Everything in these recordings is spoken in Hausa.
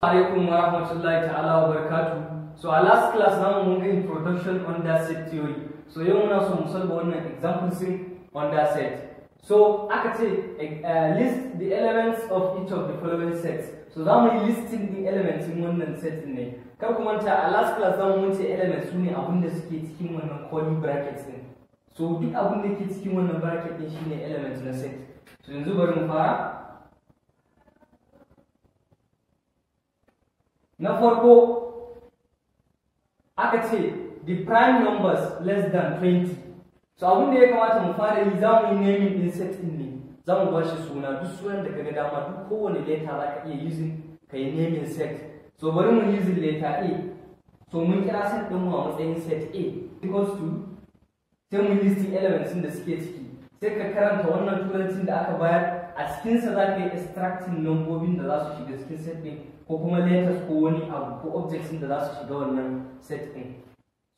alaikum wa rahmatullahi ta'ala wa so a last class na mun ga introduction on the set theory so yau muna so mu salba wannan example sin on the set so aka ce uh, list the elements of each of the following sets so za mu yi listing the elements in wannan set ne kar ku manta a last class za mu ce elements su ne abin da suke cikin wannan brackets din so duk abin da ke cikin wannan baraket din shine element na set so yanzu bari mu fara na farko aka ce the prime numbers less than 20 so abin da ya kamata mu fara yi za mu yi naming din set din ne za mu ba shi suna duk sunan da kaga dama duk kowane leta za ka iya using ka yi naming set so bari mu using leta a so mun kira set din mu a matsayin set a equals to sai mu elements din da suke ciki sai ka karanta wannan turancin da aka bayar a cikinsa za ka yi extracting lambobin da za su shiga cikin set ɗin ko kuma letters ko wani abu ko objects da za su shiga wannan set ɗin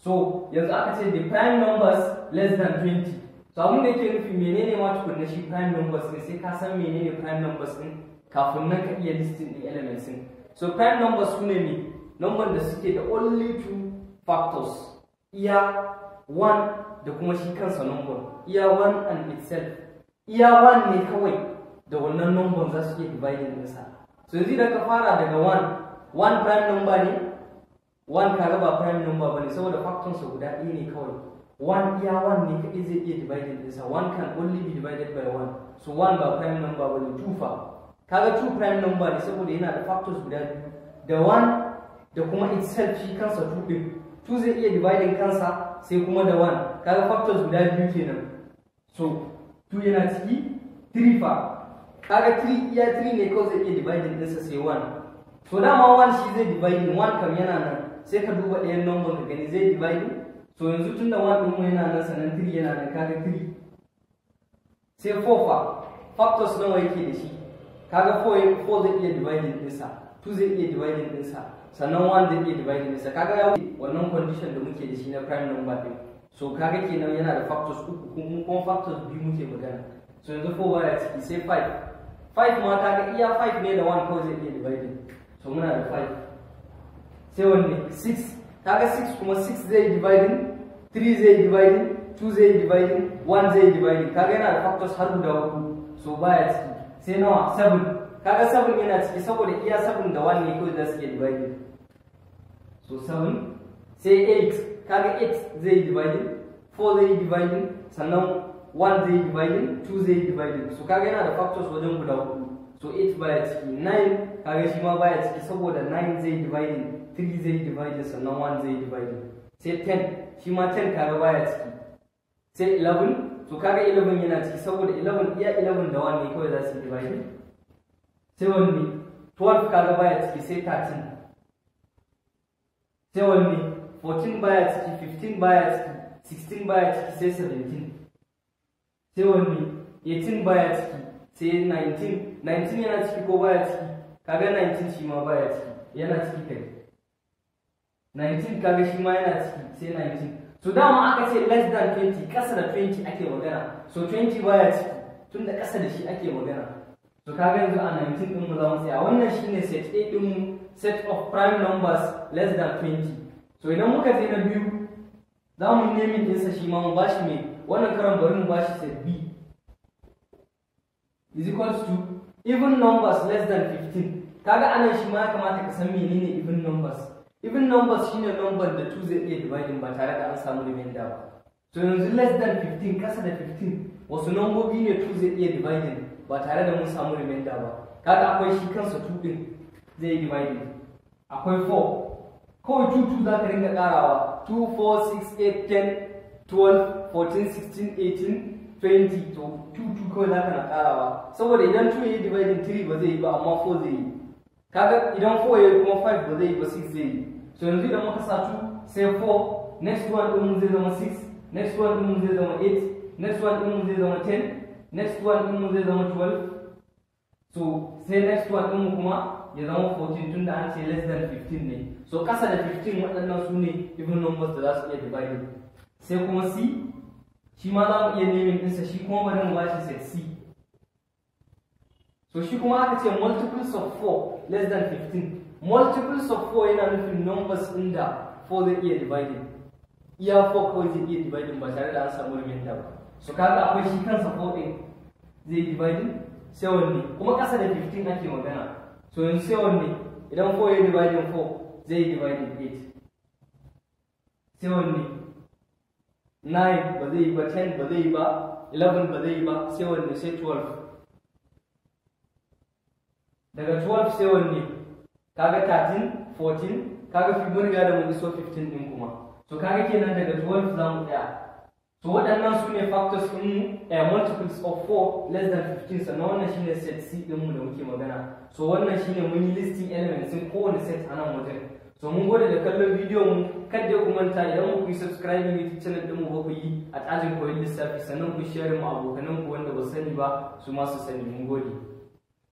so yanzu aka ce the prime numbers less than 20 so abin da yake nufi menene ma tukunna shi prime numbers ne? sai ka san menene prime numbers ɗin kafin nan ka iya listing ɗin elements ɗin so prime numbers su ne ne number da suke da only two factors iya one da kuma shi kansa number iya one and itself iya one ne kawai da wannan number za su iya dividing nasa so yanzu da ka fara daga one one prime number ne one ka raba prime number bane saboda factors guda ɗaya ne kawai one iya one ne kaɗai zai iya dividing nasa one can only be divided by one so one ba prime number bane two fa kaga two prime number ne saboda yana da factors guda biyu da one da kuma itself shi kansa two ɗin 2 zai iya dividing kansa sai kuma da 1 kaga factors guda biyu kenan so 2 yana ciki 3 fa kaga 3 iya 3 ne kawai zai iya dividing ɗinsa sai 1 so dama 1 shi zai dividing 1 kam yana nan sai ka duba ɗayan number ka gani zai dividing so yanzu tunda 1 ɗin mu yana nan sanan 3 yana nan kaga 3 sai 4 fa factors nawa yake da shi kaga 4 4 zai iya dividing ɗinsa 2 zai iya dividing ɗinsa sannan 1 zai iya dividing ɗinsa kaga ya wannan condition da muke da shi na prime number ɗin so kaga kenan yana da factors uku kuma kuma factors biyu muke magana so yanzu 4 baya ciki sai 5 5 ma kaga iya 5 ne da 1 kawai zai iya dividing so muna da 5 sai wanne 6 kaga 6 kuma 6 zai dividing 3 zai dividing 2 zai dividing 1 zai dividing kaga yana da factors har guda uku so baya ciki sai nawa 7 kaga 7 yana ciki saboda iya 7 da 1 ne kawai za su divide so 7 sai 8 kaga 8 zai yi divide 4 zai yi divide sannan 1 zai yi divide 2 zai yi divide so kaga yana da factors wajen guda hudu so 8 baya ciki 9 kaga shi ma baya ciki saboda 9 zai divide 3 zai divide sannan 1 zai divide sai 10 shi ma 10 kaga baya ciki sai 11 to kaga 11 yana ciki saboda 11 iya 11 da wani ne kawai za su yi dividing sai wanne 12 kaga baya ciki sai 13 sai wanne 14 baya ciki 15 baya ciki 16 baya ciki sai 17 sai wanne 18 baya ciki sai 19 19 yana ciki ko baya ciki kaga 19 shi ma baya ciki yana ciki kai 19 kaga shi ma yana ciki sai 19 to dama aka ce less than 20 kasa da 20 ake magana so 20 baya ciki tun da kasa da shi ake magana to ka ga yanzu a 19 din mu za mu tsaya wannan shine set A ɗin mu set of prime numbers less than 20 so idan muka je na biyu za mu nemi ɗinsa shi ma mu bashi me wannan karan bari mu bashi set B is equals to even numbers less than 15 kaga anan shi ma ya kamata ka san menene even numbers even numbers shine number da 2 zai iya dividing ba tare da an samu remainder ba to yanzu less than 15 kasa da 15 wasu nambobi ne 2 zai iya dividing ba tare da mun samu remainder ba kaga akwai shi kansa 2 din zai dividing akwai 4 kawai 2 2 za ka ringa karawa 2 4 6 8 10 12 14 16 18 20 to 2 2 kawai za ka na karawa saboda idan 2 ya yi dividing 3 ba zai yi ba amma 4 zai yi kaga idan 4 yayi kuma 5 ba zai yi ba 6 zai yi so yanzu idan muka sa 2 sai 4 next one din zai zama 6 next one din zai zama 8 next one din zai zama 10 next one din zai zama 12 so sai next one din kuma ya zama 14 tun da an ce less than 15 ne so kasa da 15 waɗannan su ne even numbers da za su iya divided sai kuma c shi ma za mu iya nemin ɗinsa shi kuma bari mu ba shi set c so shi kuma aka ce multiples of 4 less than 15 multiples of 4 yana nufin numbers ɗin da 4 zai iya dividing iya 4 kawai zai iya dividing ba tare da an samu remainder so kaga akwai kansa 4 ɗin zai dividing sai wanne kuma ƙasa da 15 ake magana so yanzu sai wanne idan 4 ya dividing 4 zai dividing 8 sai wanne 9 ba zai ba 10 ba zai ba 11 ba zai ba sai wanne sai 12 daga 12 sai wanne kaga 13 14 kaga fi mun ga da mun iso 15 din kuma to kaga kenan daga 12 zamu tsaya to waɗannan su ne factors ɗin A eh, multiples of 4 less than 15 sannan wannan shine set C mu da muke magana so wannan shine mun yi listing elements din kowane set a nan wajen so mun gode da kallon bidiyon mu kada ku manta idan ku yi subscribing YouTube channel mu ba ku yi a tajin koyon lissafi sannan ku share mu abokanan ku wanda ba sani ba su ma su sani mun gode